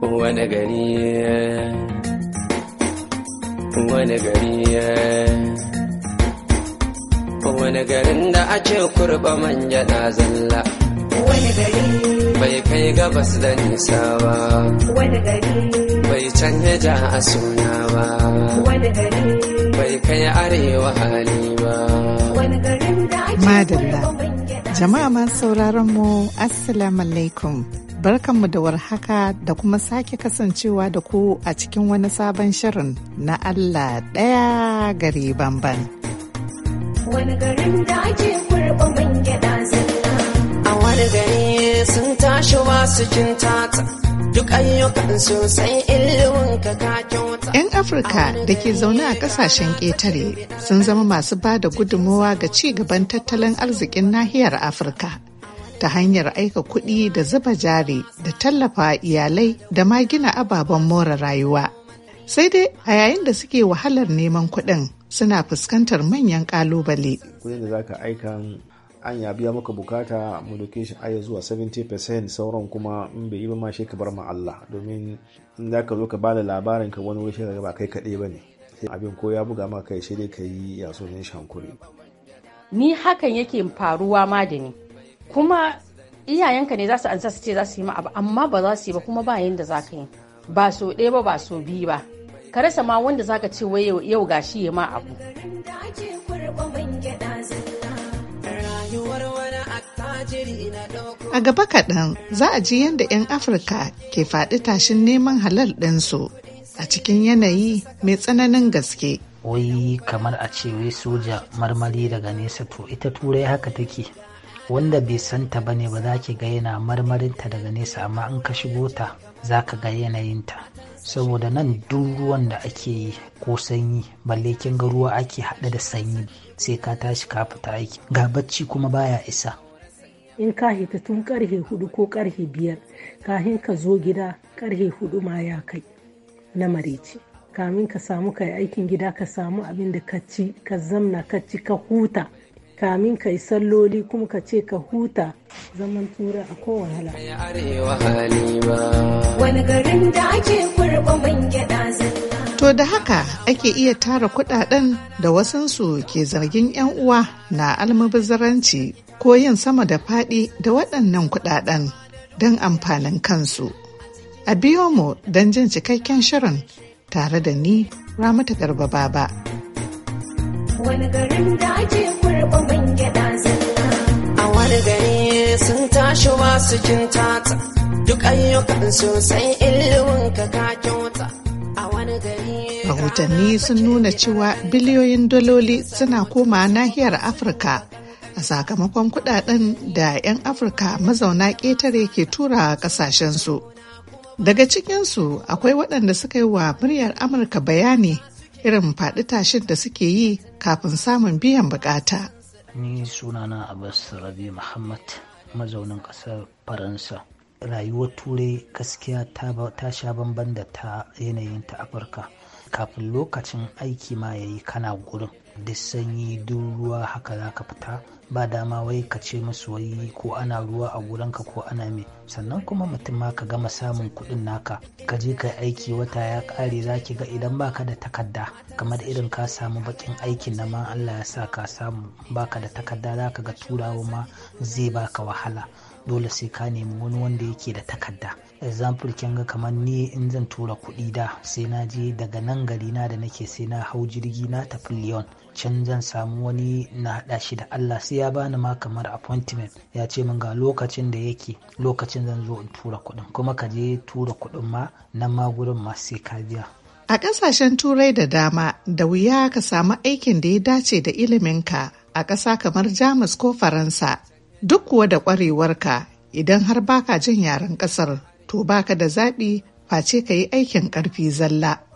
wani gari wani gari wani garin da a ce kurba manja na zalla wani gari bai kai gabas da nisa ba wani gari bai canye ja a suna ba wani gari bai kai arewa hali ba wani garin da a ce kurba manja jama'a masu sauraron mu assalamu alaikum Barkanmu da warhaka da kuma sake kasancewa da ku a cikin wani sabon shirin na Allah ɗaya gari banban. Wani garin da ake kurɓa man gyaɗa zalla. A wani gari sun tashi wasu cin tata. Duk ayyukan sosai ilimin ka kyauta. 'Yan Afirka da ke zaune a ƙasashen ƙetare sun zama masu ba da gudunmawa ga ci gaban tattalin arzikin nahiyar Afirka. ta hanyar aika kuɗi da zuba jari da tallafa iyalai da ma gina ababen more rayuwa. Sai dai a yayin da suke wahalar neman kuɗin suna fuskantar manyan ƙalubale. Kuɗin da za ka aika an ya biya maka bukata mulkin aya zuwa 70% sauran kuma in bai yi ba ma shi ka bar ma Allah domin in za ka zo ka bada labarin ka wani wuri ba kai kaɗai ba ne abin ko ya buga maka kai shi dai ka yi yaso ne shankuri. Ni hakan yake faruwa ma da ni kuma iyayenka ne za su ansa su ce za su yi ma abu amma ba za su yi ba kuma ba da za ka yi ba so ɗaya ba ba so biyu ba ka rasa ma wanda za ka ce wai yau ga ya ma abu A gaba kaɗan za a ji yadda 'yan Afirka ke faɗi tashin neman halal ɗinsu a cikin yanayi mai tsananin gaske. Wai kamar a ce wai soja marmari daga nesa to ita turai haka take wanda bai santa ba ne ba za ki ga yana marmarinta daga nesa amma in ka shigo ta za ka ga yanayinta saboda nan duk ruwan da ake yi ko sanyi balle kin ga ruwa ake hada da sanyi sai ka tashi ka fita aiki ga bacci kuma baya isa in ka hita tun karhe hudu ko karhe biyar kahin ka zo gida karhe hudu ma ya kai na mareci kamin ka samu kai aikin gida ka samu abin da ka ci ka zamna ka ci ka huta kamin ka yi salloli kuma ka ce ka huta zaman tura a kowane Wani To da haka ake iya tara kuɗaɗen da wasansu ke zargin 'yan uwa na almubazzaranci ko yin sama da faɗi da waɗannan kuɗaɗen don amfanin kansu. A biyo mu don jin cikakken shirin tare da ni Ramata Garba Baba. wani garin da ake kurba man gyada zalla a wani gari sun tashi masu su duk ayyukan sosai ka kyauta a wani gari rahotanni sun nuna cewa biliyoyin daloli suna koma nahiyar afirka a sakamakon kudaden da 'yan afirka mazauna ƙetare ke tura kasashensu daga cikinsu akwai waɗanda suka yi wa muryar amurka bayani irin faɗi tashin da suke yi kafin samun biyan bukata. Ni sunana Abbas Rabi Muhammad mazaunin ƙasar Faransa. Rayuwar Turai gaskiya ta sha bamban da ta yanayin ta Afirka. Kafin lokacin aiki ma yayi kana gurin. Duk sanyi duk ruwa haka za ka fita ba dama wai ka ce masu wai ko ana ruwa a gurenka ko ana me sannan kuma mutum ma ka gama samun kuɗin naka ka je ka aiki wata ya ƙare za ki ga idan baka da takarda kamar irin ka samu bakin aikin na ma Allah ya sa ka samu baka da takarda za ka ga turawa ma zai baka wahala dole sai ka nemi wani wanda yake da takarda example kin ga kamar ni in zan tura kuɗi da sai na je daga nan gari na da nake sai na hau jirgi na tafi Lyon can zan samu wani na haɗa shi da Allah sai ya bani ma kamar appointment ya ce min ga lokacin da yake lokacin zan zo in tura kuɗin kuma ka je tura kuɗin ma nan ma gurin ma sai ka biya a ƙasashen turai da dama da wuya ka samu aikin da ya dace da iliminka a ƙasa kamar jamus ko faransa duk kuwa da ƙwarewarka idan har baka jin yaren ƙasar to baka da zaɓi face ka yi aikin ƙarfi zalla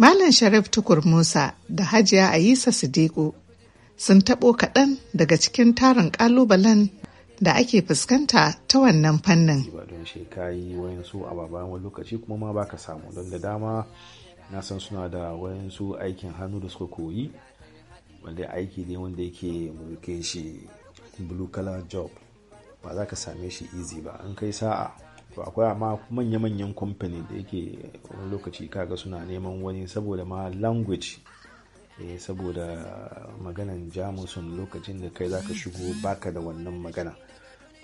Malam Sharif Tukur Musa da Hajiya Ayisa Sidiku sun taɓo kaɗan daga cikin tarin ƙalubalen da ake fuskanta ta wannan fannin. Don shekayi wayansu a babban wani lokaci kuma ma baka samu don da dama na san suna da wayansu aikin hannu da suka koyi wanda aiki ne wanda yake mulke shi blue color job ba za ka same shi easy ba an kai sa'a to akwai amma manya-manyan kamfani da yake wani lokaci kaga suna neman wani saboda ma language eh, saboda maganan jamusun lokacin da kai zaka shigo baka da wannan magana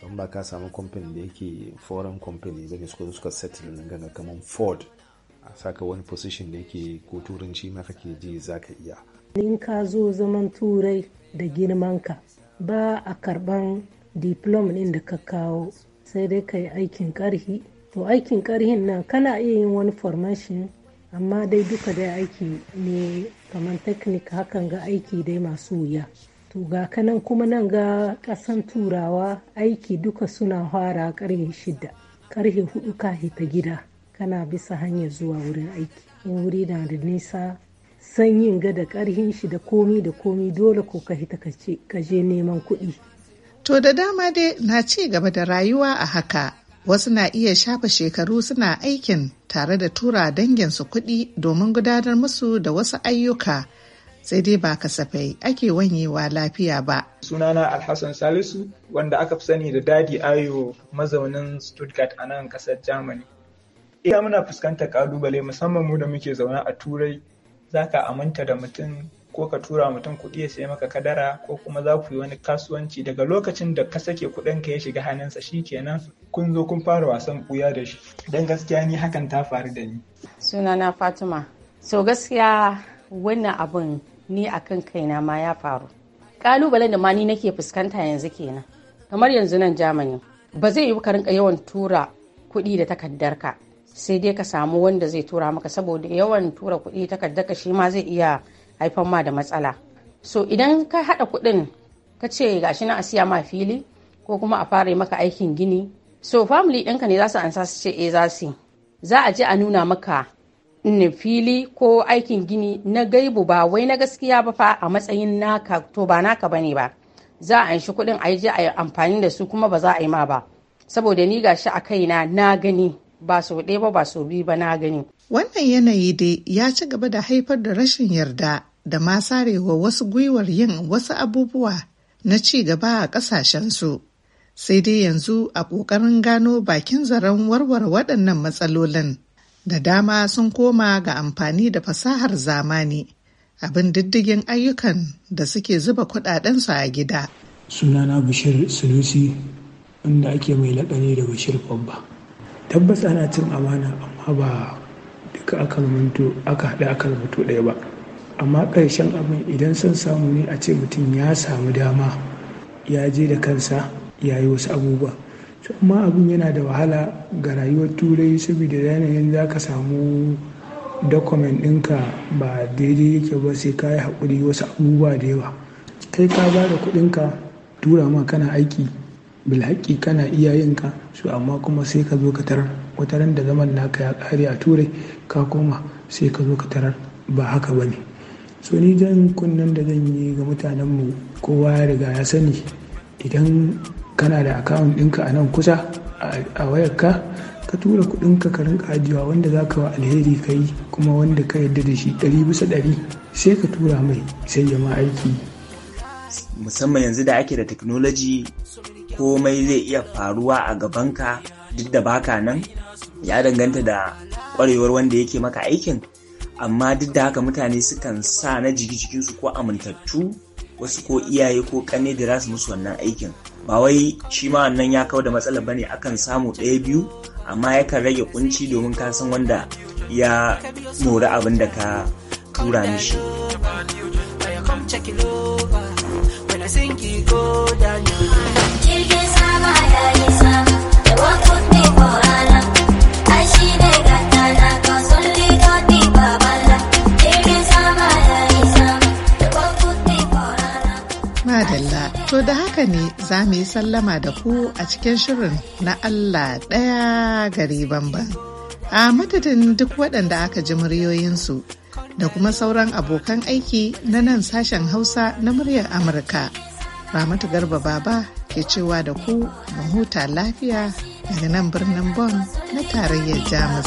don ba ka samu kamfani da yake foreign company zai suka suka settle nan gana kamar ford a saka wani position da yake ko turanci ma kake ji zaka iya in ka zo zaman turai da girman ka ba a karban diploma ɗin da ka kawo sai dai ka yi aikin ƙarhi to aikin ƙarhin nan kana iya yin wani formation amma dai duka dai aiki ne kamar teknik hakan ga aiki dai masu wuya to ga kanan kuma nan ga ƙasan turawa aiki duka suna fara ƙarhe shida ƙarhe hudu ka ta gida kana bisa hanyar zuwa wurin aiki in wuri na da nisa sanyin ga da ƙarhin shi da komi da komi dole ko ka hita ka je neman kuɗi To da dama dai na ci gaba da rayuwa a haka. Wasu na iya shafa shekaru suna aikin tare da tura danginsu kuɗi domin gudanar musu da wasu ayyuka. sai dai ba kasafai ake wanyewa lafiya ba. Sunana Alhassan Salisu wanda aka fi sani da Dadi Ayo mazaunin Stuttgart a nan kasar Germany. Ina muna fuskantar kalubale musamman mu da muke zaune a Turai zaka aminta da mutum ko ka tura mutum kuɗi ya sai maka kadara ko kuma za ku yi wani kasuwanci daga lokacin da ka sake kuɗin ka ya shiga hannunsa kenan kun zo kun fara wasan ɓuya da shi dan gaskiya ni hakan ta faru da ni sunana fatima so gaskiya wannan abun ni akan kaina ma ya faru Ƙalubalen da ma ni nake fuskanta yanzu kenan kamar yanzu nan jamani ba zai yi ka rinka yawan tura kuɗi da takardar ka, sai dai ka samu wanda zai tura maka saboda yawan tura kuɗi takardarka shi ma zai iya haifar ma da matsala so idan ka haɗa kuɗin ka ce ga shi na a siya ma fili ko kuma a fara maka aikin gini so family ɗinka ne za su ansa su ce eh za su za a je a nuna maka fili ko aikin gini na gaibu ba wai na gaskiya ba fa a matsayin naka to ba naka bane ba za a shi kuɗin a je a yi amfani da su kuma ba za a yi ma ba saboda ni ga shi a kaina na gani ba sau ɗaya ba ba sau biyu ba na gani. Wannan yanayi dai ya ci gaba da haifar da rashin yarda da ma sarewa wasu gwiwar yin wasu abubuwa na ci gaba a ƙasashensu. Sai dai yanzu a ƙoƙarin gano bakin zaren warware waɗannan matsalolin da dama sun koma ga amfani da fasahar zamani abin diddigin ayyukan da suke zuba kuɗaɗensu a gida. Sunana Bashir Sunusi inda ake mai laɗani da Bashir Babba. tabbas ana cin amana amma ba duka aka zamanto aka haɗa aka mutu ɗaya ba amma ƙarshen abin idan son samu ne a ce mutum ya samu dama ya je da kansa ya yi wasu abubuwa su amma abin yana da wahala ga rayuwar turai saboda yanayin za ka samu dokumen ɗinka ba daidai yake ba sai ka yi haƙuri wasu abubuwa da yawa kai ka ba da kuɗinka tura ma kana aiki bilhaƙi kana iya yin ka su amma kuma sai ka zo ka tarar wataran da zaman naka ya ƙare a turai ka koma sai ka zo ka tarar ba haka ba ne so ni dan kunnen da zan yi ga mutanen mu kowa ya riga ya sani idan kana da akawun ɗinka a nan kusa a wayarka ka tura kuɗinka ka rinka ajiyewa wanda za ka wa alheri ka yi kuma wanda ka yarda da shi ɗari bisa ɗari sai ka tura mai sai ya ma aiki musamman yanzu da ake da technology komai zai iya faruwa a gabanka duk da baka nan ya danganta da kwarewar wanda yake maka aikin amma duk da haka mutane sukan sa na jiki jikinsu ko amintattu wasu ko iyaye ko kane da za su musu wannan aikin ba wai shi ma wannan ya kawo da matsala bane akan samu ɗaya biyu amma yakan rage kunci domin ka san wanda ya mori abin da ka tura mishi. haka ne za mu yi sallama da ku a cikin shirin na Allah ɗaya gari bamban. A madadin duk waɗanda aka ji muryoyinsu da kuma sauran abokan aiki na nan sashen Hausa na muryar Amurka. Ramatu Garba Baba ke cewa da ku mu huta lafiya daga nan birnin Bon na tarayyar Jamus.